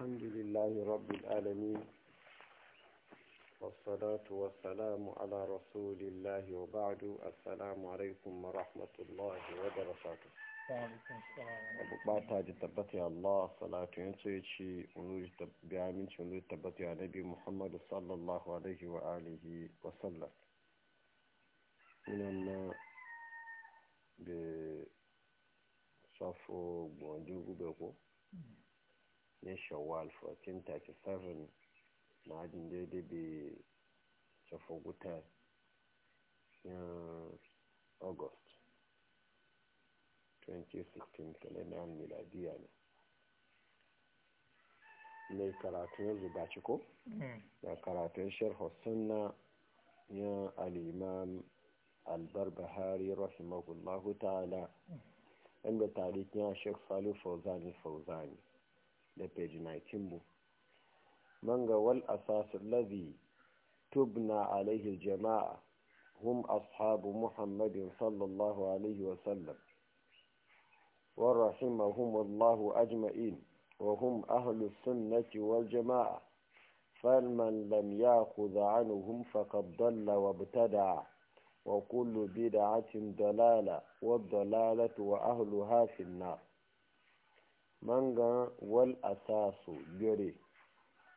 الحمد لله رب العالمين والصلاة والسلام على رسول الله وبعد السلام عليكم ورحمة الله وبركاته abu bata da tabbata ya Allah salatu yin tsaye ce biya aminci wani tabbata ya nabi Muhammadu sallallahu alaihi wa alihi wa sallam inan na da safo gwanjin gube ko ya shawwal 1437 na ajin daidai bai shafa guta eh, august 2016 kalendar miladiya ne mai hmm. karatun ci ko na karatun sharhu sunna ya al'imam albarbahari rahimahullahu ta'ala hmm. inda tarihi ya shek fauzani fauzani da page 19 mu manga wal asas alladhi tubna alaihi jama'a hum ashabu muhammadin sallallahu alaihi wa sallam wa rahimahum allah ajma'in wa hum ahlu sunnati wal jama'a فمن لم ياخذ عنهم فقد ضل وابتدع وكل بدعة ضلالة wa وأهلها hafin na. manga wal asasu gare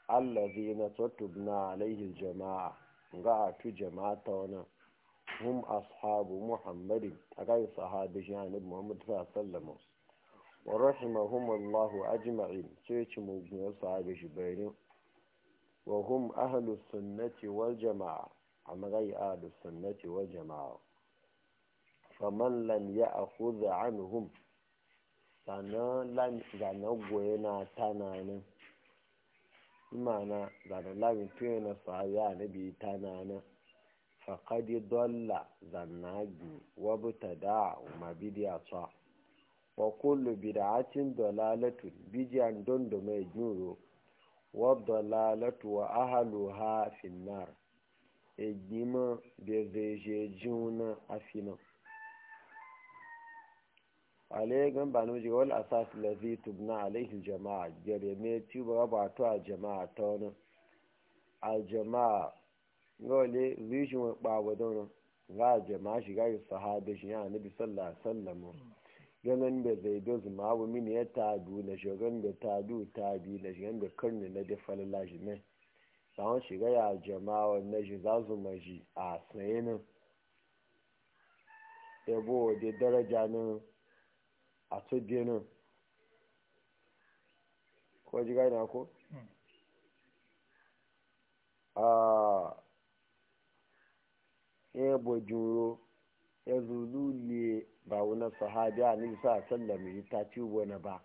allazi na tattubna alaihi jama'a ga a tu jama'a ta wani hum ashabu muhammadi a kai sahabi muhammadu muhammad sallama wa rahimahum allahu jima'i sai ci muguniyar sahabi bayanin. wa hum ahlus sunnati wal jama'a a magayi ahlus sunnati wal jama'a faman lam ya akhudha zanen goye na ta na tananin imana zanen lamin tuyo na sahabi a nabi tananin faƙadi dolla zannagi wabuta da ma bidiya tsa wa kullu bid'atin dalalatun bidiyan don da mai juro wa dalalatu wa ahaluha finnar egbima bezejejuna afinan alayhi gan ba nuji wal asas lazi tubna alaihi jama'a jere me ti ba ba to a jama'a ta wani a jama'a gole rishin wa bawa don ga a jama'a shiga yi sahabe shi yana nabi sallallahu alaihi wasallam ganin da zai do zuma abu mini ya tadu na shogan da ta biyu na shigan da karni na da falala shi ne sawon shiga ya jama'a na shi za su maji a tsaye nan yabo da daraja nan a to benin ko ji gane ko hmm. a ya bojuro ya ne ba wani sahabi a nisa a sallame ta ci wani ba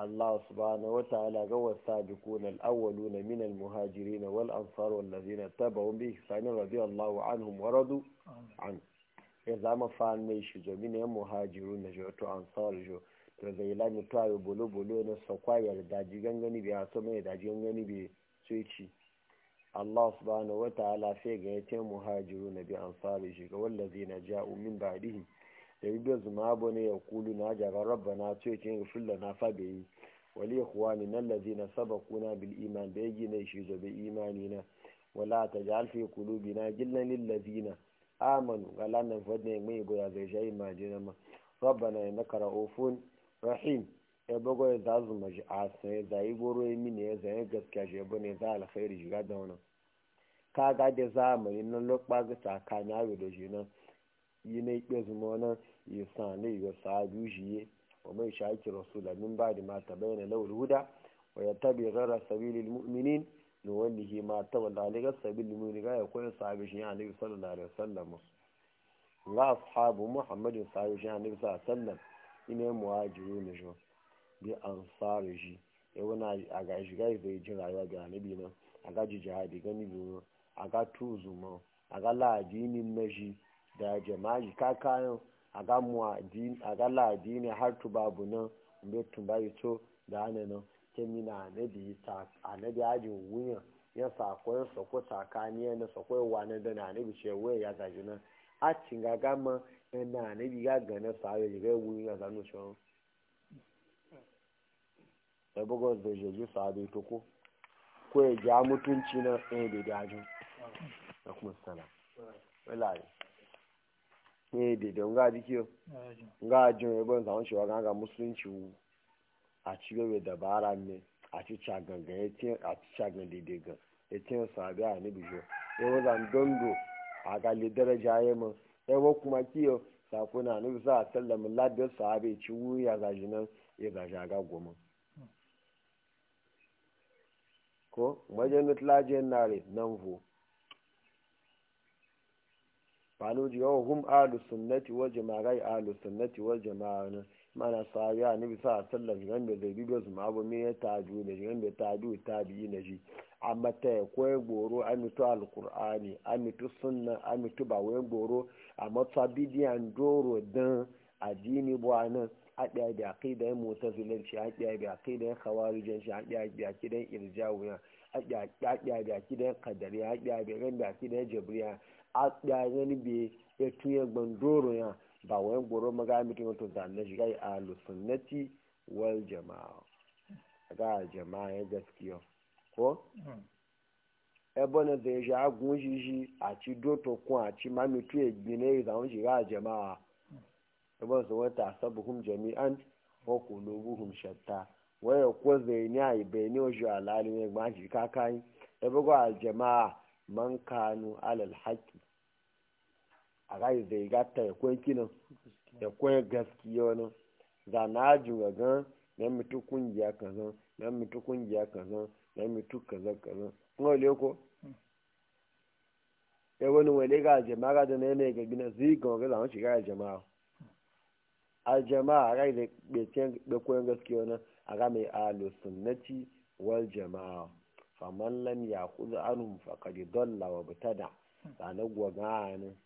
Allah subhanahu wa ta'ala ga wasabiquna al-awwaluna min al-muhajirin wal ansar wal ladina tabi'u bi ihsan radiyallahu anhum waradu an ya zama fan mai shi jo mine muhajiru na jo to ansar jo to zai la mi tayo bolo bolo na sakwa yarda daji gangani bi aso mai da ji gangani bi suici Allah subhanahu wa ta'ala sai ga yace muhajiru na bi ansar shi ga wallazina ja'u min badihi da yadda zuma abu ne ya kulu na jaga rabba na ce ce fulla na fabe yi wali ikhwani nan lazi na saba kuna bil iman da ya gina shi zobe imani na wala ta ji alfi kulubi na gillan na amanu ga lanan fadin mai goya zai shayi majina ma rabbana innaka ra'ufun rahim ya bago ya zazu maji a sai yi goro ya mini ya zai gaskiya shi ya ne za alkhairi shiga da wannan ka ga da zamani nan lokpa ga tsakani ayo da shi na yi na ikpe zuma wannan ya sani ya sadu shi ye wa mai shaki rasula min ba da mata bayyana lawul huda wa yattabi ghayra sabilil mu'minin da wani shi ma ta wanda aligar sabi limu ga ya koyar sahabi shi ya nabi sallallahu alaihi wasallam la ashabu muhammadin sahabi shi a nabi sallallahu alaihi wasallam ina mu muhajiru ne shi bi ansari shi ya wani a ga shi gai zai ji rayuwa ga nabi nan a ga ji jihadi gani biyu a ga tuzu ma a ga ladinin na shi da jama'i kakayan a ga mu a ga ladini har tubabu nan bai tumbayi to da hana nan kemina anabi ta anabi ajin wuyan ya sakwai sako tsakani na sakwai wani da na anabi ce waya ya zaji nan a cinga gama na anabi ya gane sayo ya ga wuyan ya zanu shi da bugo da jeji sabe ko ko ya ja mutunci na eh da dajin da kuma sana da ga ga ya shi e e e wa musulunci a ci gaba da bara ne a ci cagangan ya ce a ci cagangan daidai ga ya yin sabi a ni bijo ya wazan dondo a gali daraja ya mun ya wa kuma kiyo sakuna ni bisa a sallama ladar sabi ci wuya gaji nan ya gaji a goma ko wajen na nare nan vo faloji yawon hum alu sunnati wal jama'a gai alu sunnati wajen jama'a mana sabi a nufi sa sallar shigan da zai bibiyo su abu me ya taju ne shigan da taju ta biyi na shi amma ta ya kwaye goro amitu alkur'ani amitu sunna amitu ba wayan goro amma mata bidiyan doro dan addini bu nan a ɗaya da mota zilanci a ɗaya da aƙidan khawarijanci a ɗaya da aƙidan irjawuya a ɗaya da aƙidan kadari a ɗaya da aƙidan jabriya a ɗaya da aƙidan ya tuya gbandoro ya ba wayan goro maga mutum wato zanne shiga yi alu wal jama'a ga jama'a ya gaskiya ko hmm. ebe na zai shi agun shi shi a ci doto kun a ci ma mutu ya gine zaun shiga jama'a hmm. ebe su wata sabuhum jami'an ko kulubuhum shatta waya ko zai ni a ibe ni ojo alalin ya gbashi kakai ebe ga jama'a man kanu alal haki. a rayu da ya ta ya kwan kinan ya kwan gaskiya wani za na ajin ga gan na mutu kungiya kazan na mutu kungiya kazan na mutu kazan kazan kuma wale ko ya wani wale ga jama'a da na yanayi ga gina zai ga wani zama shiga a jama'a a jama'a a rayu da ɓecen da kwan gaskiya wani a ramai alo sunnati wal jama'a faman lam ya kuzu anhum faqad dalla wa btada sanan gwa ganin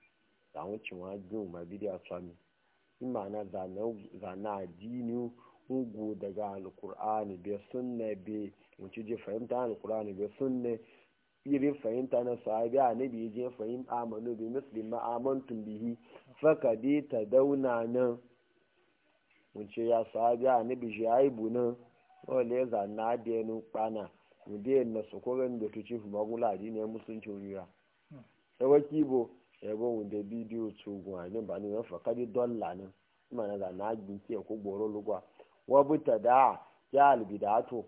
zawon cewa jin ma bidiya sami imana zana addini ugu daga alkur'ani bai ne bai wuce je fahimta alkur'ani bai ne irin fahimta na sahabi annabi je fahim amanu bi muslim ma amantum bihi faka bi ta dauna nan wuce ya sahabi annabi je aibu nan wale zana da kwana mu da na sokoran da tuci magula addini musulunci wuriya hmm. sai wakibo ebo wunde bidiyo tsugun a ba ni fa kadi dolla nan mana da na ginke ko goro lugwa wa buta da ya albidato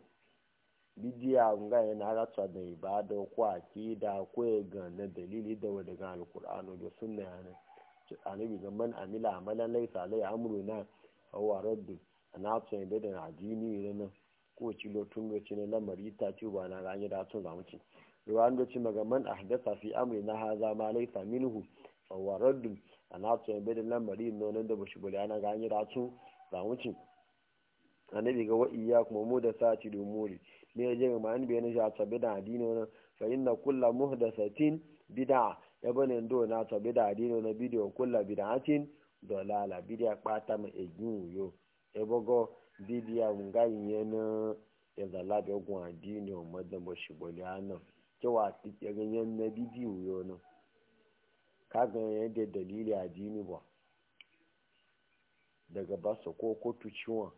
bidiya nga yana ratsa da ibada ko da ko ga na dalili da wa daga alqur'ano da sunna yana annabi ga man amila amalan laysa alai amruna huwa na ana tsaye da ajini irin nan ko ci lotun da ci ne lamari ta ci ba na ranar da tun zamuci ruwan da ci magaman a haddasa fi amri na haza ma laifa minhu fawaraddu a na tsoye bai da lamari nonon da bashi bula na ranar da tun zamuci annabi ga wa kuma mu da sati da umuri ne ya je ma'an annabi shi ya tabi da addini na kula mu da satin bid'a ya bane ndo na tabi da addini na bidiyo kullu bid'atin dalala a kpata ma ejun yo ebogo Bidiya nga yana yanzu labe ogun adini o madan bo shiboli ana cewa tike ganyen na bibiyu yo no ka ga yadda dalili adini ba daga ba su ko ko tuciwa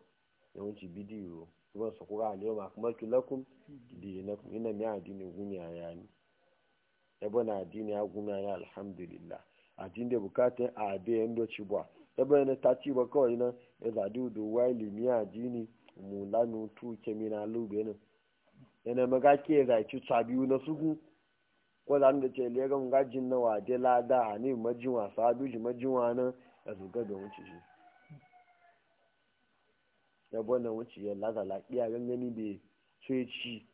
yawanci bidiyo kuma su kura aliyu ma kuma kilakum dinakum ina mi adini gunya yani yabo ya gunya ya alhamdulillah adini bukata bukatun a abe yan doci ba yabo yana ta ci ba kawai ya zadu e mm. da waili miya jini mulanu tu kemina lube nan yana maga ke zaki tsabiyu na suku ko da da ce lega mun gajin na wade lada ne majin wasa duji majin wana ya zuga da wuce shi ya bwana wuce ya laza lafiya gangani bai sai ci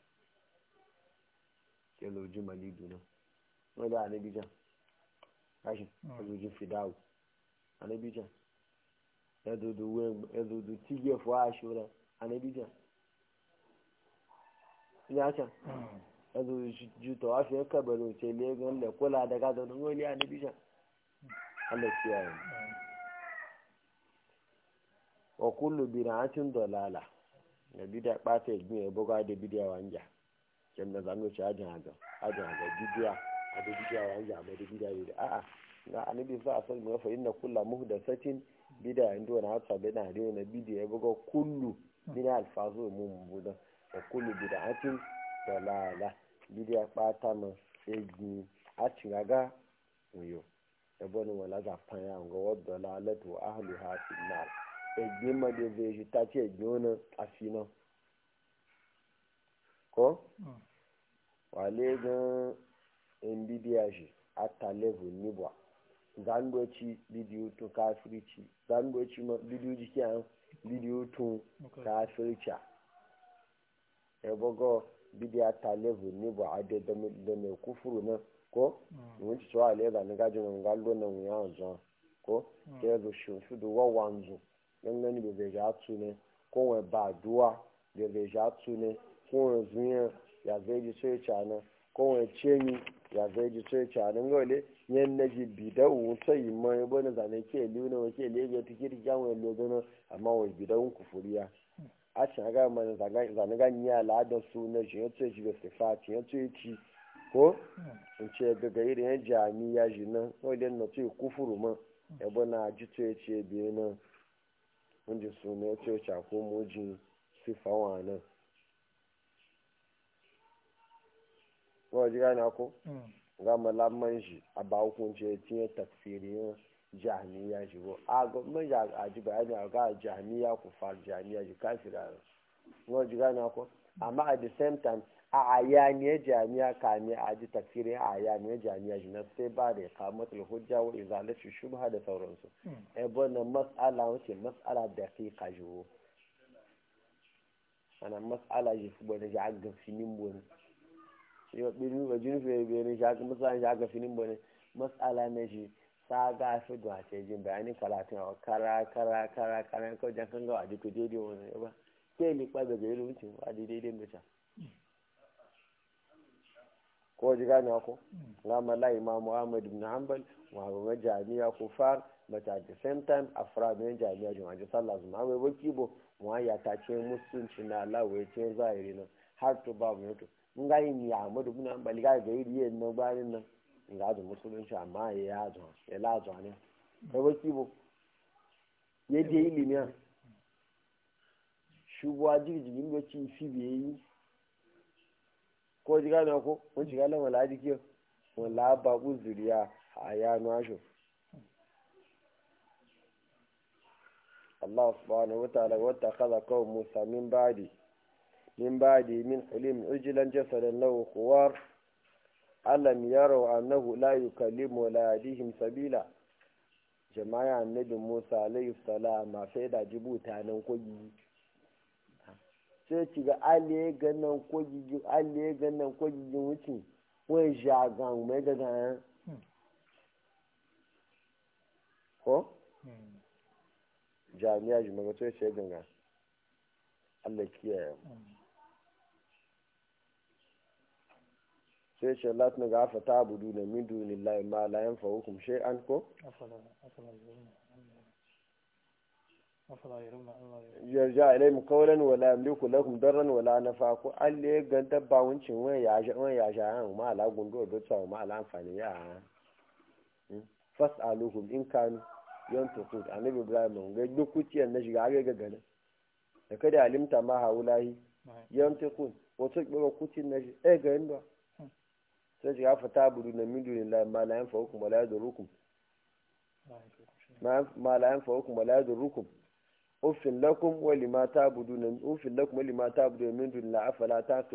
ya loji malidu nan wanda anabijan kashin ya loji fidawu anabijan ẹ̀dùdù wẹ̀ ẹ̀dùdù tíjẹ̀ fọ́ aṣọ rẹ̀ ànẹ́bíjà ní àṣà ẹ̀dùdù jùtọ̀ aṣọ ẹ̀kẹ́bẹ̀rẹ̀ òṣèlú ẹ̀gán lẹ̀kọ́ ládàgá dọ̀nà wọ́n lé ànẹ́bíjà alẹ́sí ààrẹ ọkùnlùbìnrin àti ń dọ̀là bi nàbídà pátá ìgbín ẹ̀ bọ́gá débídì àwọn àjà kẹ́mìnà sàmúlòṣì àjàn àjàn àjàn àjàn dídíà sọ bida yin ọ na hatsa na rewa na bidiyo ya buga kullu bida alfazo mu mumbuda da kullu bida hatin da lala bidiyo ma egi a cingaga uyo da bani wala za fanya ga wadda lalatu ha hatin na egi ma da zai shi ta ce egi wani a fina ko hmm. wale in shi a ta level zangoci bidiyo to kafirci zangoci bidiyo jikiyan bidiyo to kafirci e ya bago bidiya ta level ne bu ade da mai kufuru na ko mm. mun ci cewa leza na gajin wani galo na wuya wanzu ko mm. ke yanzu shi su da wawanzu don gani da zai ja su ne ko wani ba duwa da zai ja su ne ko wani zuyan ya zai ji sai na ko wani cemi ya zai ji sai cana ngole yan na ji bidan wuce yi ma ya bane zane ke luna wa kiri kyawun lodona amma wa bidan kufuriya a cin aga ma zane gani ya la'adar su na shi ya tsoye jibe sifa ci ya tsoye ci ko in ce gaga iri yan jami ya ji nan na tsoye kufuru ma ya na ji tsoye ci ya e biye na ndị su na ya a sifa wa nan. ga malaman shi a ba hukunci ya cinye tafsirin jami'a shi ko a gwamnan ya aji bayani a ga jami'a ku far jami'a shi kafira ko ji gane ko amma at the same time a ayaniyar jami'a ka ne a ji tafsirin a ayaniyar jami'a shi na sai ba da ya kama hujja wa izalafi shubha da sauransu hmm. ebo na mas'ala wace mas'ala da kai ka jiwo ana mas'ala shi ko da ji a gafi nimboni yau ɓirin wajen fiye biyu ne shaka musamman shaka finin bane matsala na shi sa ga fi da ce jin bayanin karatun a kara kara kara kara kawai jan kan gawa duk daidai wani ba ke liƙa da gari rubucin ba daidai da mace ko ji gane ko mm. gama la ma muhammad ibn hanbal muhammad jami'a ko far but at the same time afrad ne jami'a jima'a sallah zuma wai wakibo mu ya ta ce musulunci na lawa ya ce zahiri na har to mu mutu nga yi ni amadu bin ambali ga ga iri yin na bayan nan nga ga musulun shi amma ya yi azun ya la azun ne kai ba kibo ya je ilimi a shubuwa jirgin da ci fi biye yi ko ji na ko wani shiga lamar wala jiki wala ba ku a ya nasho Allah subhanahu wa ta'ala wata kaza kawai Musa min ba'di من بعد من حليم عجلا جسدا له خوار ألم يروا أنه لا يكلم ولا يديهم سبيلا جماعة النبي موسى عليه السلام فإذا جبوتا ننقل sai ki ga aliye ganin kogigin aliye ganin kogigin wuce wani shagan mai daga yan ko? jami'a jimaga to ya ce ganga allah kiyaye sai ce Allah na gafa ta budu na min dunillahi ma hukum shi an ko yarja ilayhim qawlan wala la yamliku lakum darran wala na nafa ko alle gan dabba wancin wani ya ja wani ya ja an ma ala gundo do tsawo ma ala amfani ya hmm? fas'aluhum in kanu a nabi ibrahim ga dukuci na shiga ga gana da kada alimta ma haulahi yantuqu wato kuma kucin na shi eh ga inda sai shiga fata buru na midu lillahi ma la yanfa hukum wala yadurukum ma la yanfa hukum wala yadurukum ufin lakum wa lima ta'buduna ufin lakum wa lima ta'buduna min ta afala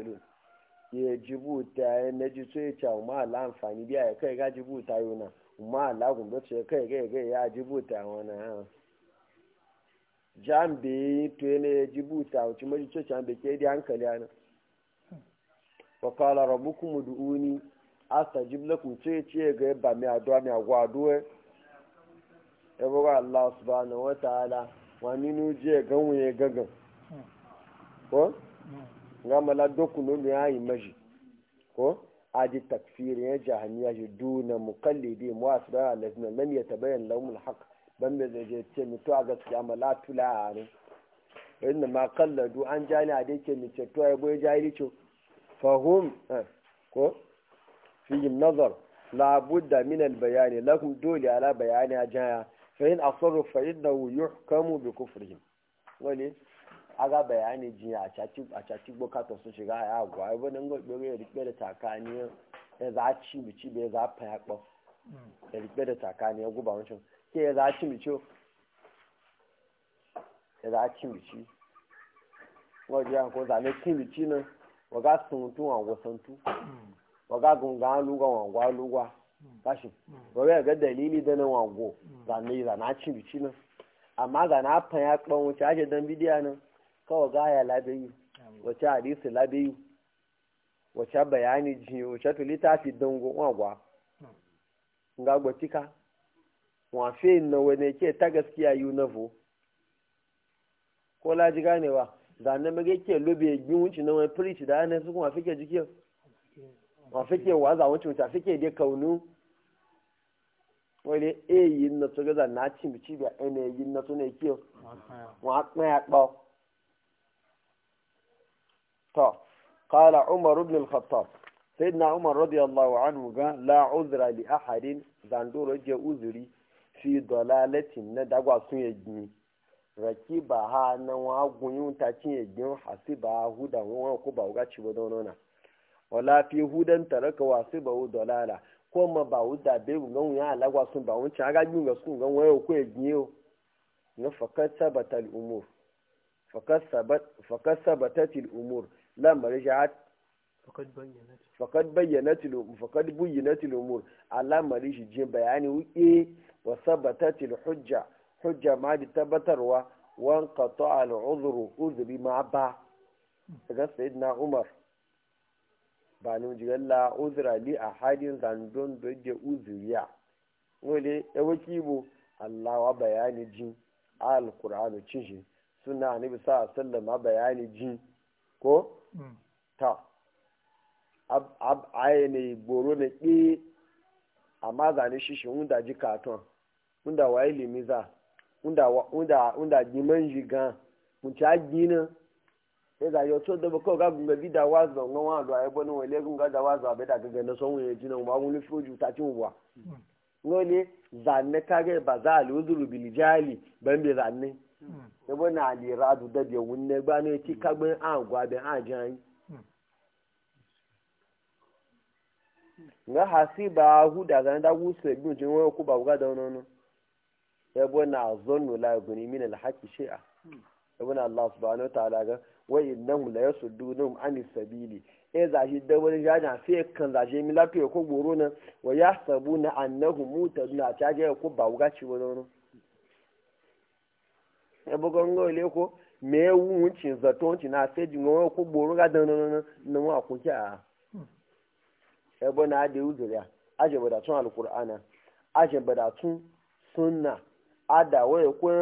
ya ji buta ya na ji so ya cewa ma ala amfani biya ya kai ga jibuta yona ma la gumbe ce ya kai ga ga ya jibuta wani ha jambe to ne ya ji jibuta wuce maji ce an da ke hankali ana wa qala rabbukum ud'uni astajib ku ce ce ga e, e ba mi addu'a mi agwado e ebo ga Allah subhanahu wa ta'ala wa e, hmm. nu je ga wuye gagan ko nga mala doku no mi ayi maji ko aji takfir ya jahaniya ji duna muqallidi mu allazina lam yatabayyan lahum alhaq ban be je ce mi to a gaskiya mala tula ne inna ma qalladu an jani ade ce mi ce to ai boye jahili ce fahum eh, ko fihim nazar labudda min albayani lakum dole ala bayani a jaya fa'in asarru fa'in da yuhkamu bi kufrihim wani aga bayani jiya a caci bukatar sun shiga a yagwa ya wani gobe ya rikpe da takani ya za a ci bici bai za a faya kpaf ya rikpe da takani ya guba wancan ke ya za a ci bici ya za a ci bici wajen yanko zane ci bici nan waga sun mutu a wasantu waga gunga luga wangwa luga hmm. kashi hmm. wabe ga dalili da na wango hmm. zane na cin bici na amma ga na fa ya kwan wuce ake dan bidiya nan yi ga ya labeyu wace hadisi yi wace bayani ji wace tulita fi dango wangwa nga gbotika wa fe na wani ke ta gaskiya yi na vo ko laji ganewa zane mage ke lobe yin wuce na wani firici da ana su kuma fi jikin wa fike wa za wuce wuce fike dai kaunu eh, na to na ci bici da a na to ne kiyo wa kuma ya to umar ibn al umar radiyallahu anhu ga la uzra li ahadin uzuri fi dalalatin na dagwa sun yi rakiba ha na wa gunyun ta cin yi hasiba huda wa ko ba ga ci ba donona wala fi hudan taraka wasu ba wu dalala ko ma ba wu da be ngan ya alagwa sun ba wancan aga yi ga sun ngan wayo ko egiyo na fakat sabatal umur fakat sabat fakat sabatatil umur la marja'at fakat bayyanatil umur fakat bayyanatil um-, umur ala marji jin bayani wuke wa sabatatil hujja hujja ma di tabbatarwa wanka qata al uzru uzri ma ba daga sayyidina umar ba ni la uzra li a hadin zandon da ke uzuriya wale ya waki bo Allah wa bayani ji al-Qur'anu cinshi suna annabi sa sallama bayani ji ko mm. ta ab ab aye ne ne pe amma zan shi shi ji katon unda wa ilimi za unda unda gan mun ta gina e yau to da ba kawai gagun ga bida wazo ngon wazo ai bani wale gun ga da wazo abe da gaga na son ji jinan ba mun lufi oju ta ci uwa ngole zanne kage ba za al uzuru bil jali ban be ali radu da wunne ti kagbe an gwa be an nga hasiba hu da da wo ku ba da la guni min al haqi shay'a ibn allah subhanahu wa wa innahum la yasuddunum anis sabili e zashi da wani jaja sai kan zashe mi lafiya ko goro nan wa na annahum mutaduna ta je ko ba wuga ci wani wani e bugon ko me wuncin na sai jin ko goro ga dan nan nan wa ko ja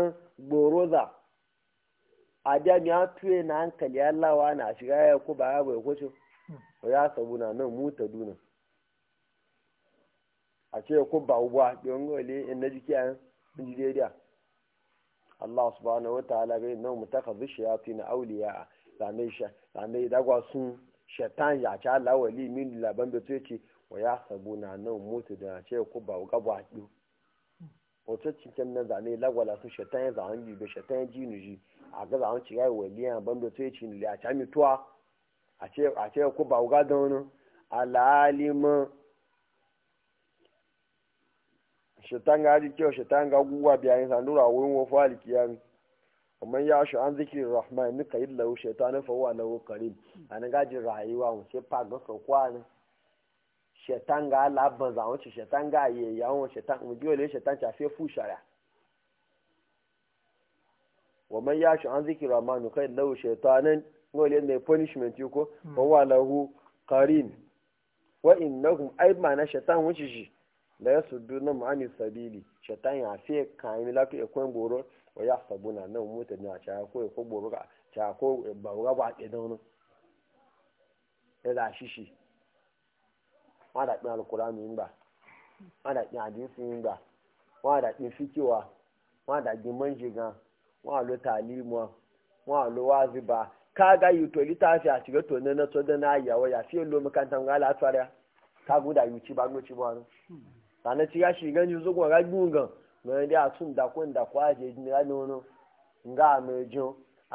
e a da mi tuye na hankali allawa na shiga ya ku ba ya bai kwace ya sabu na nan muta duna a ce ku ba uwa don gole in na jiki a nigeria allah subhanahu wa ta'ala bai nan mutaka zushiyati na auliya a shi zane dagwa sun shaitan ya ci allah wali min laban da ce wa ya sabu na nan muta da ce ku ba uwa ba ɗu wata hmm. cikin na zane lagwala su shaitan ya zahon gibe shaitan ya ji nuji a ga zawon ci gai waliya bando sai ci ne a ci mituwa a ce ku ba wuga da wani alalima shaitan ga haji kyau shaitan ga sandura a wurin wafa alikiyami amma ya shi an rahman karim a nan gajin rayuwa mu sai fa ga shaitan ga ci shaitan ga shaitan mu ji wale shaitan ta wa man yashi an zikir rahmanu kai shaitanin shaytanan wale ne punishment ko ba wa lahu qarin wa innahum ay na shaitan wuce shi da ya suddu na ma'ani sabili shaitan ya fi kayan lafi ko kwen goro wa ya sabuna nan mota ne a cha ko e ko goro ka cha ko ba ga ba ke dawo ne da shi wa da ɗin alkurani yin ba wa da ɗin hadisi yin ba wa da ɗin fikiwa wa da ɗin manjigan wọn àlọ tàlímọ wọn àlọ wáàzìbá káàgá yìí tó lítà fi àtìwé tó nínú tó dín náà yà fi èlò mi kàńtà ńgá látọ́rẹ́ káàgùn dà yìí tí bá gbó tí bọ́ ọ̀run. àná tí yá sì gán ju sókun ọ̀rá gbùn gan mẹ́rin dé àtún ǹdàkú ǹdàkú àti ìdínlá ní ọ̀run ńgá àmì ìjọ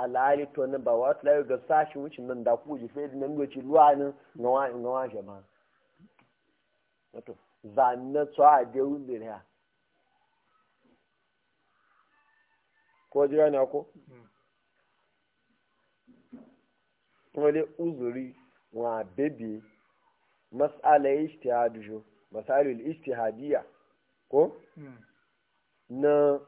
àlàálẹ̀ tó ní bàwá tó láyé gan sáàṣì wọn ti ní ǹdàkú òjì fẹ́ dín ní ọ̀tí lúwa ní ǹgán wá àjẹmá. zanna tó àdéhùn lè rẹ̀ ko ji na ko wale uzuri wa bebe mas'ala ijtihadu jo masalul ijtihadiyya ko hmm. na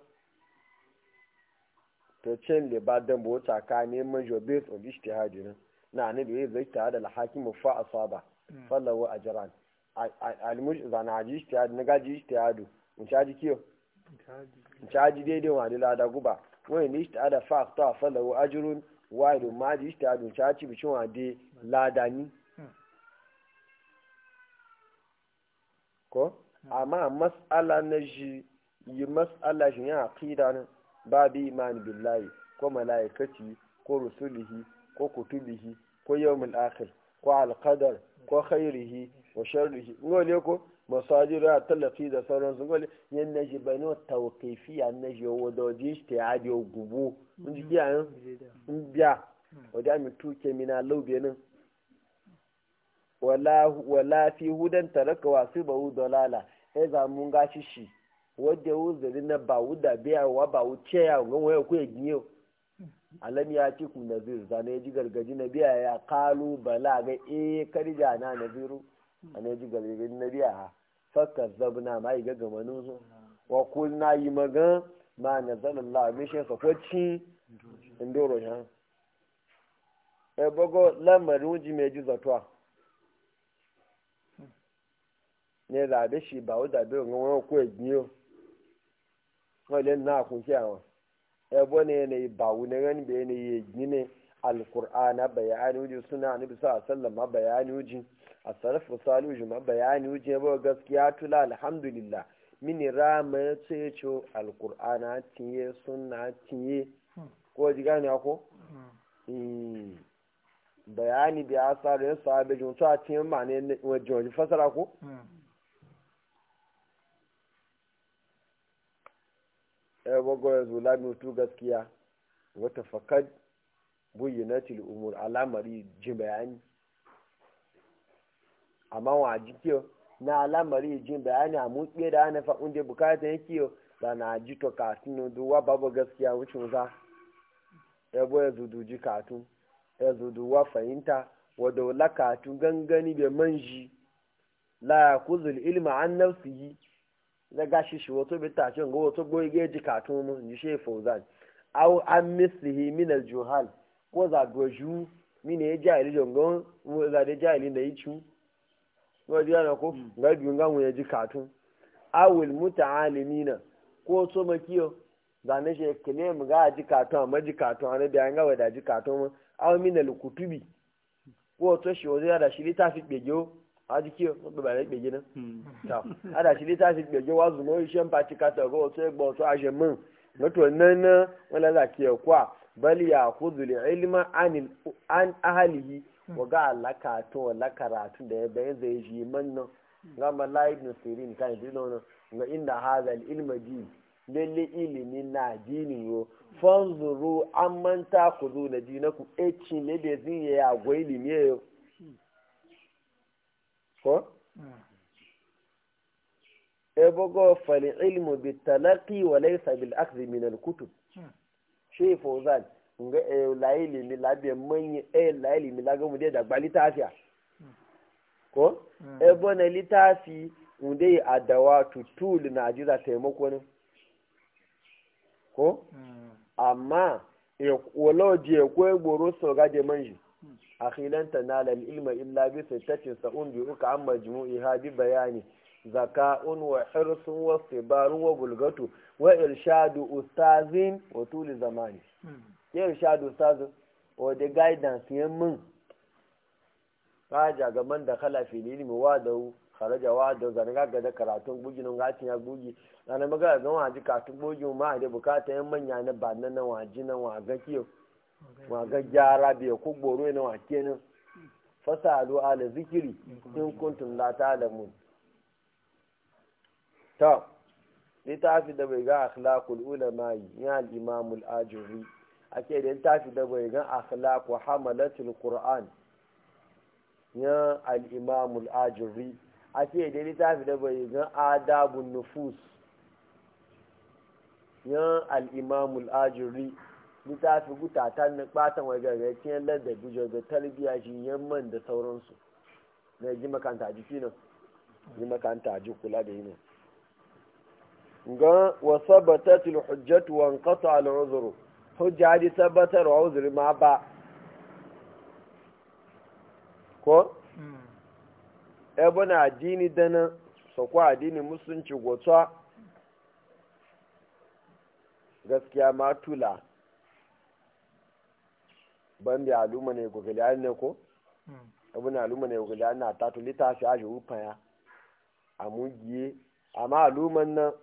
ta cin ba dan bo tsakani man jo based on ijtihadi na na ne da yayi zai ta al hakimu fa asaba hmm. falahu ajran al zan ana ji na gaji ijtihadu in caji kiyo in caji daidai wa da lada guba wani ni ta da fa ta fa da ajrun wa do ma ji ta do cha ci bi chuwa de ladani ko amma mas'ala na ji yi mas'ala shi ya aqida ne babi imani billahi ko malaikati ko rusulihi ko kutubihi ko yawmul akhir ko alqadar ko khairihi wa sharrihi ngole ko masajiru a tallafi da sauran su gwale yin na shi bai nawa tawakaifi a na shi wa doji shi ta yadi wa gubu in ji kiya yin biya wadda mi tuke mina wala fi hudan taraka wasu ba hu dalala ya zamu gashi shi wadda ya na ba wuda biya wa ba wuce ya gan waya ku ya giyo ya ci ku nazir zane ya ji gargaji na biya ya kalu bala ga e karja na naziru a na ji galibin na biya ha fakka zabna ma yi gaggamanin su wa kulna yi magan ma na zanen la'amin shi sakwaci indoro ya e bogo lamarin uji mai ji zatuwa ne zaɓe shi ba wadda bai ga wani ko egiyo wale na kunshi awon ebo ne ne ba wani ran bai ne yi gine alkur'ana bayani uji suna anibi sa sallama bayani uji a sarrafa salu juma bayani wuce ba gaskiya tula alhamdulillah mini rama ya ce ce alkur'ana tiye sunna tiye ko ji gane ako bayani da ya sa da ya sa da jun ta tiye ma ne wajen wajen fasara ko ya gwagwa ya zula mutu gaskiya wata fakad buyyana til umur alamari jin bayani amma wa ji kiyo na alamari jin bayani a mun tsaye da ana fa da bukata ya kiyo da na ji to katun duwa babu gaskiya wucin za ya bo ya zudu ji katun ya zudu wa fahimta wa daula katun gangani bai manji la ya kuzul ilma an nafsihi na gashi shi wato bai tashi ga wato goyi ga ji katun mu ji shi fauzan aw an mislihi min al juhal ko za goju mine ya jahili jongon za da jahili da yi cu wọ́n di àná kó nga bi nga wọ́n yẹ di awil muta ko so makiyo zane shi kile mu ga ji katun amma ji katun ana da yanga wada ji kàtún mu aw min al kutubi ko to shi wani da shi litafi bejo a ji kiyo ko ba ne beje na mm. ta ada shi litafi bejo wa zumo shi an pati kata go to e gbo to a je mun mutu nan na wala za kiyo kwa bali ya khudhu al ilma an an ahlihi waga alaka to wala karatu da ya bayan zai ji manna ga mala ibn sirin kan ji nono ga inda haza al ilma din lalle ilimi na jini yo fanzuru manta ku zo na ku eci ne da zin ya yago ilimi yo ko ebogo fali ilmu bi talaki wa laisa bil akzi min al kutub hmm. shi nga e laili mi labe manyi e eh, laili mi laga mu de da gbali tafiya ko e bona litafi mu de adawa tool na ajiza taimako ne ko mm. amma e wala je ko e gboro so ga de manji mm. akhilan tanala al ilma illa bi sittati sa'un bi uka amma jumu'iha bi bayani zaka'un wa hirsun wa sibarun wa bulgatu wa irshadu ustazin wa tuli zamani yin shado sazin wadda guidance yin min kaja gaban da kala fili ilimi wa da wu kharaja wa da zan ga da karatun bugi nun ga ya bugi ana maga ga wa ji bugi ma da bukata yan manya na ba nan nan waji nan wa ga kiyo wa ga gyara be ku goro ne wa kenan fasalu ala zikiri in kuntum la ta'lamun ta litafi da bai ga akhlaqul ulama ya al-imam al-ajuri ake da fi da bai gan akhlaq wa hamalatul qur'an ya al-imam al-ajri ake da tafi da bai gan adabun nufus ya al-imam al-ajri ne patan na batan wa ladda ladabi da tarbiya shi yamman da sauransu na ji makanta ji nan ji makanta ji kula da yi nan ga wasa batatul wa nkata al-uzuru hujja ji tabbatarwa uzuri ma ba ko hmm. na adini dana sakwa adini musunci gotsa gaskiya ma tula ban da aluma ne gogaliya ne ko hmm. ebona aluma ne gogaliya na tatu litafi aji rufaya a mugiye amma aluman nan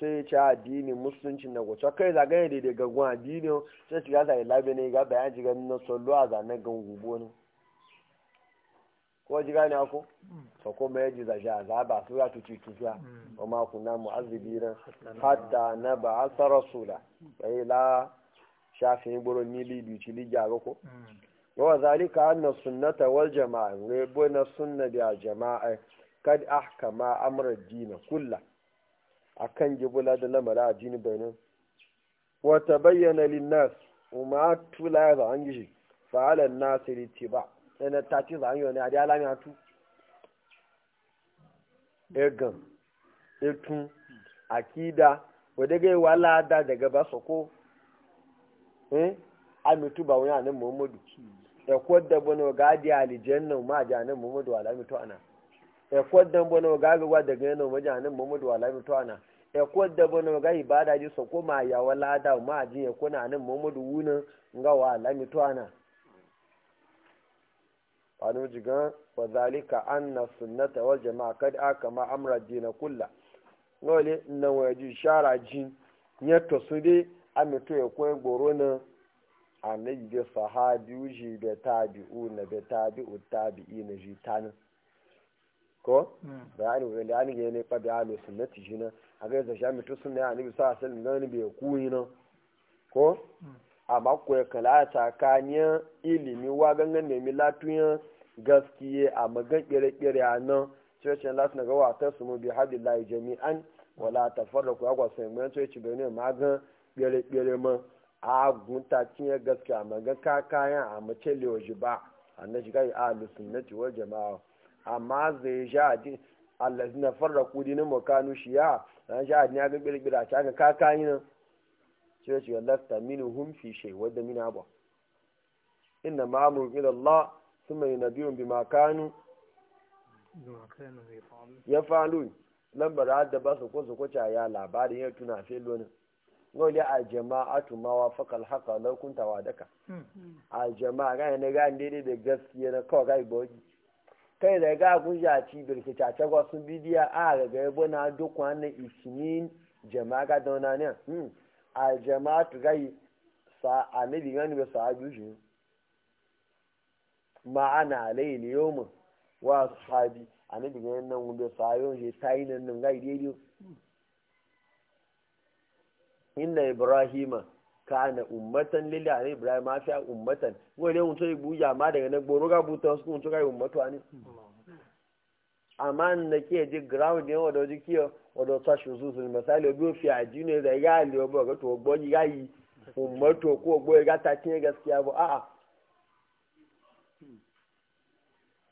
sai a addini musulunci na gwace kai za gani daidai gaggun dini sai ci gaza ilabe ne ga bayan ji na sallu a zane gan gubo ne ko ji gani ako fa hmm. ko mai ji zaje a zaba su ya tuci tuciya hmm. wa ma mu mu'azzibina hatta na ba tsara sula bai la shafin buru ni libi ci li jago ko hmm. wa zalika anna sunnata wal jama'a ne bai na sunna bi jama'a kad ahkama amra ad-din a kan gibula da lamara a jini bayanin wata bayyana linnas umar tula ya za'an gishi fa'alan nasiri ce ba yana ta ce za'an yi wani adi alami a tu egan etun akida wadda gai wala da daga ba soko eh amitu ba wani anan muhammadu hmm. da kodda bano gadi alijanna ma ajanan muhammadu wala mitu ana ekod da mbono ga ga daga yana majanin Muhammadu Walami to ana ekod da bono ga ibada ji so kuma ya wala da ma ji ya kuna nan Muhammadu wuna ga Walami to ana wani jigan wa zalika anna sunnata wal jama'a kad aka ma amra dina kulla nole na waje shara jin ya to su dai amito ya koyi goro na annabi da sahabi uji da tabi'u na da tabi'u tabi'i na jitanin ko hmm. bayani ga da ani ga ne fa bayani sunnati jina a ga da jami to sunna ani bi sa sal ngani be ku na ko hmm. amma ko ya kala tsakaniya ilimi wa gangan ne mi latuya gaskiye a magan kire-kire a nan cocin lati na ta su mu bi hadillahi jami'an wala ta farra ku agwa sai mun coci magan kire-kire ma a gunta cinye gaskiya magan a mace lewaji ba yi amma zai sha allazi na farra kudi wa kanu shi ya sha din ya ga birbira ta ga kakani nan sai ce minu minhum fi shay wadda mina ba inna amru ila Allah thumma yunabiyun bima kanu ya falu lambar da ba su ko su ko ya labarin ya tuna fe lonin wani a jama'a wa fakal haka laukunta wa daka hmm. a jama'a gane na gane daidai da gaskiya na kawai ga bogi kai da ga guja ci birki ta ta wasu bidiya a ga ga yabo na duk wannan isnin jama'a ga dauna ne hmm. a jama'a tu gai sa annabi gani ba sa ajuji ma'ana yau yawm wa ashabi annabi gani nan ba sa shi ta yi nan nan gai dai ina hmm. ibrahima kana ummatan lilla ne ibrahim ma fi ummatan wani mutum ya buya ma daga nan gboro ga buta wasu mutum kai ummatu ne amma na ke ji ground ne wadda wajen kiyo wadda ta shi su su misali obi ofi a ji ne da ya ali obi ga to ogbo ya yi ummatu ko ogbo ya ta cinye gaskiya ba a'a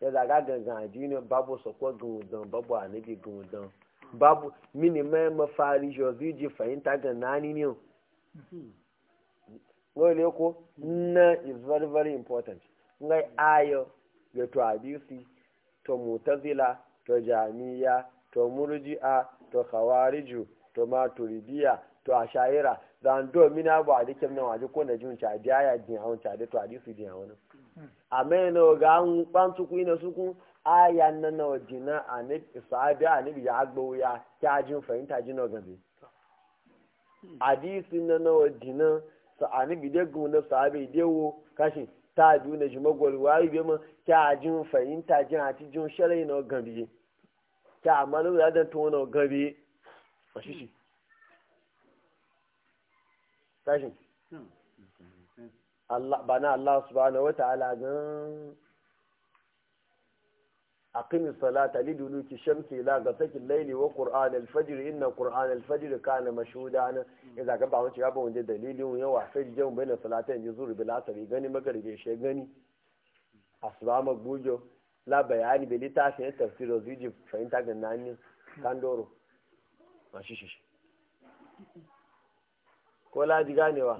ya zaga gangan a ji ne babu sako gumudan babu anabi gumudan babu mini mai mafari jozi ji fahimta ga nani ne wani ne ko na is very very important ngai ayo ga to abisi to mutazila to jamiya to murji'a to khawariju to maturidiya to ashaira dan do mina ba da kin na waje ko na jin cha da ya jin hawon cha da to hadisi din hawon amen no ga an kwantu ku ina suku aya nan na wajina anib a anib ya agbo ya ta jin fahimta jin no gabe hadisi nan na wajina sa'ani bide gumna sahabe dewo kashi ta ju na juma yi be mun ta jin fahimta jin hati jin sharai na gabi ta amma lo ya dan to na gabi fashishi kashi hmm. Allah bana Allah subhanahu wa ta'ala gan أقم الصلاة لدلوك الشمس إلى غسق الليل وقرآن الفجر إن قرآن الفجر كان مشهودا إذا كان بعض الشباب وجد دليل يوم حفيد جو بين الصلاتين يزور بالعصر يغني مغرب يشي أصبع مقبوجو لا بياني بلي تاسي تفسير وزيجي فإن تغناني كان دورو ماشي شيش ko laji ganewa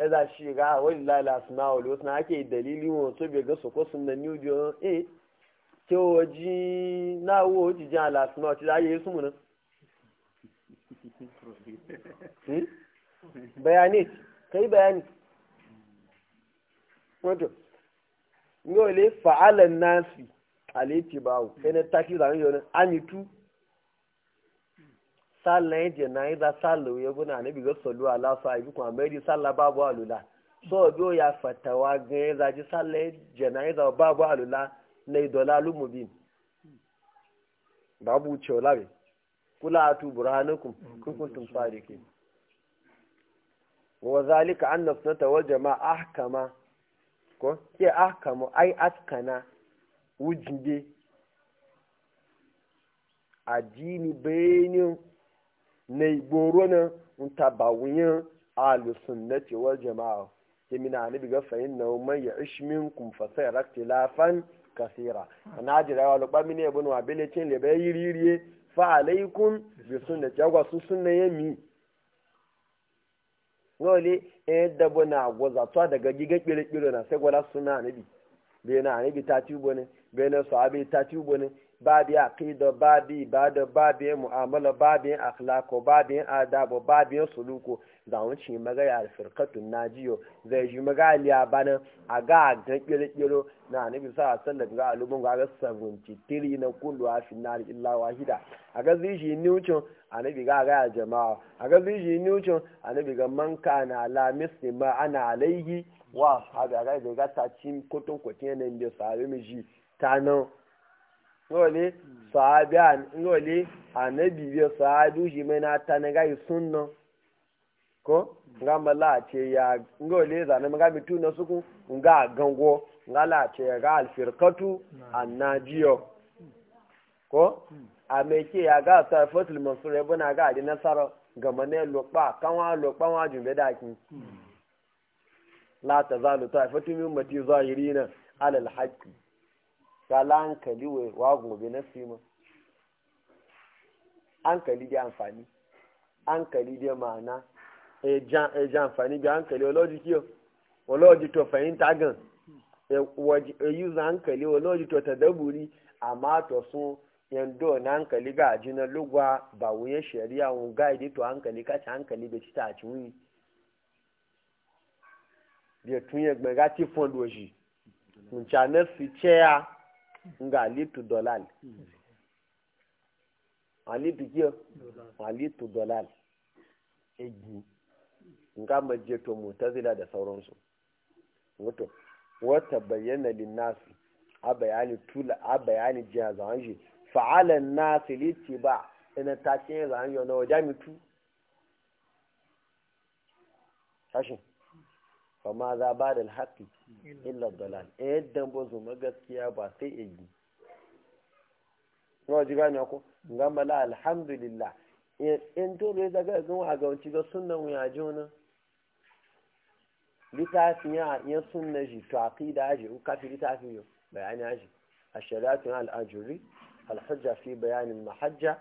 إذا za shi ga wani lalasa na wali wasu na ake dalilin wasu bai ga su na ó jí náà wò náà ti ráyè súnmù náà. Hmm? bayanit kai bayani wato yau ne fa nasi aleti bawo sai na amitu sallan yaje na yi za sallan ya guna na ala sa ibi kuma mai di sallan alula so ya gan alula na idolalu mubin babu wucewa labe kula atu burhanukum kun kuntum ke. wa zalika na sunnata wal jama'a ahkama ko ke ahkamu ai askana wujinde addini bayanin na igboro na ntabawuyin alusunnati wal jama'a yamina bi biga fa'in na ma ya ishimin kun fa sai raktilafan kasira na jira wa lukpa mini ebe na abele lebe yiri yiri fa ikun bi sunna ci agwa sun sunna ya mi ngole eh dabo na gwaza to daga giga kpere kpere na sai suna sunna anabi be na anibi ta ci bone be na sahabi ta ci bone babi aqida babi ibada babi mu'amala babi akhlaqo babi adabo babi suluku da wuce magaya alfirqatun najiyo zai ji magali a bana a ga ga kirkiro na nabi sa sallallahu ga alubun ga 73 na kullu afinar illa wahida a ga zai ji newton annabi ga ga jama'a a ga zai ji newton annabi ga man kana la muslima ana alaihi wa a ga ga ga ta cin kotun kwatin ne da sabe miji ta nan ngole sahabiyan ngole annabi biyo sahabi shi mai na ta na gai sunna ko nga mala ce ya ngole za na magami tuna suku nga gango nga la ce ya ga alfirqatu annajiyo ko a me ke ya ga sarfatul mansur ya buna ga di nasara ga mane lokpa kanwa lokpa wa jumbe da ki hmm. la tazalu ta'ifatu min ummati zahirina sala hankali wa gobe na sima hankali di amfani hankali di ma'ana eja e amfani bi hankali olóòjì kí o olóòjì tó fẹ̀yìntà gan eyuza e hankali olóòjì tó tẹ̀dẹ́gbùrí àmà tó sun yando na hankali ga ajina lugwa ba wuyen shari'a wun gaidi to hankali kacha hankali bai ci ta ci wuyi bai tun yagbe ga ti fon doji mun fi nga litu dolal alitu kiyo alitu dolal egi nga majeto mutazila da sauransu wato wata bayyana linnasi a bayani tula a bayani jiya zaman shi fa'alan nasi liti ba ina ta ce zaman yau na wajen mutu sashin fama za ba da alhaƙi illa dalal ɗayan eh, dambo zuma gaskiya ba sai egi nawa ji gane ko gama la alhamdulillah eh, in to ne daga gan a gawanci ga sunan wuya ji wani littafin ya yan sunan shi to aqida aji u kafi littafin yau bayani aji a shari'atun al'ajuri alhajja fi bayanin mahajja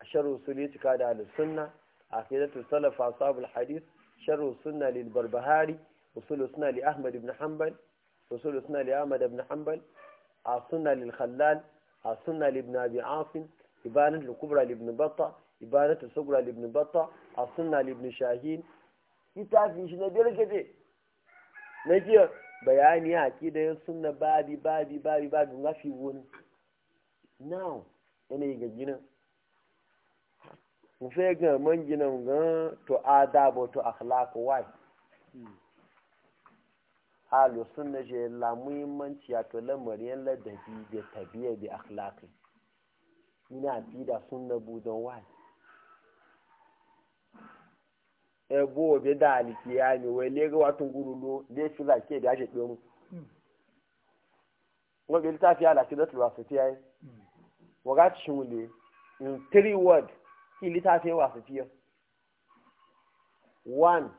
a sharu sulitika da al-sunna aqidatu salafa ashabul hadith sharu sunna lil barbahari usul suna li ahmad ibn hanbal usul suna li ahmad ibn hanbal a suna lil khallal a suna li kubra li ibn batta ibanat al sugra li ibn shahin littafin shi na biyar gaje na jiya bayani a kidayen suna babi babi babi babi mafi wani now yanayi ga ginin mu fẹ́ gan mọ́ jìnnà gan to adabo to akhlaq why halu sunna je la muhimmanci ya to lamarin ladabi da tabiya da akhlaqi ina bi da sun na budon wani ebo eh, obe da aliki ya ne le ga watun lo da shi za ke da ya shaɗe mu ta fi ala alaƙi da ai ti ga shi mu le in three word ki littafi wasu ti yau one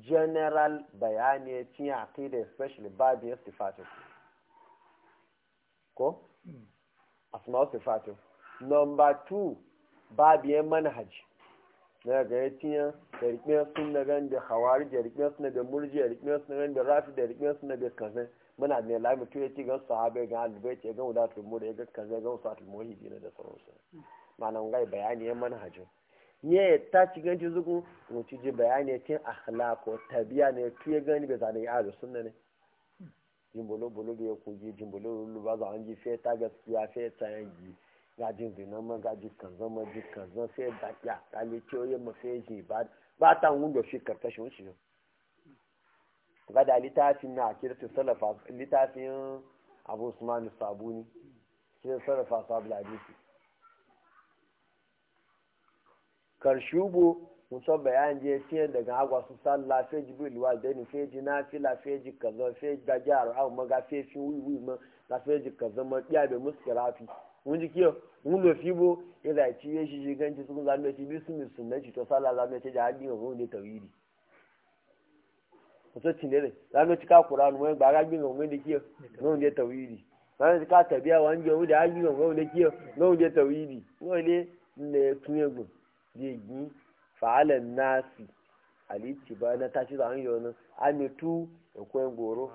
general bayani cin da especially babu ya sifatu ko asma sifatu number 2 babu ya manhaji na ga ya tiya da rikiyar sun na gan da hawari da rikiyar sun da murji da rikiyar sun gan da rafi da rikiyar sun da kazan muna da nila mutu ya ci gan haɓe gan alibai ce gan wadatul mura ya ga kazan gan wasatul muhidi na da sauransu malam gai bayani ya manhajin ne ta ci ganci zuku mutu ji bayani cin ko? tabiya ne ya gani bai zane ya da sunna ne jimbolo bolo bai ji, jimbolo lulu ba za a ji fe ta gaskiya fe ta yanki gajin zinan ma gaji kanzan ma ji kanzan fe da ya kale ciyoyin ma fe ji ba ba ta wundo shi karkashin shi ne ga da littafin na kirtu salafa littafin abu usman sabuni kirtu salafa sabu hadisi karshubo musan bayan je fiye daga agwa su sallah Feji, ji bil waldaini fe ji nafila fe ji kaza Feji, da jar maga fe fi wi wi ma la fe ji kaza ma ya be muskirafi mun ji kiyo mun lo fi bo ila e ci ye shi gan ci sun zame ci bismi sunna ci to sallah zame ci da hadin ko ne tawiri. musa ci ne zame ci ka qur'an mun ba ga gbin ko ne kiyo mun ne tawhidi zame ci ka tabiya wan je wu da hadin ko ne kiyo mun ne tawhidi mun ne ne tunye egun jirgi fa'alan nasi alici ba na tashi da yi wani amitu da koyan goro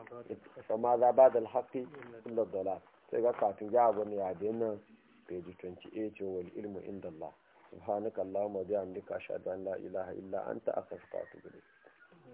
sama za ba da alhaƙi illar dala sai ga kafin ya abu ne a nan page 28 wal ilmu inda Allah subhanaka Allahumma bihamdika ashhadu an la ilaha illa anta astaghfiruka wa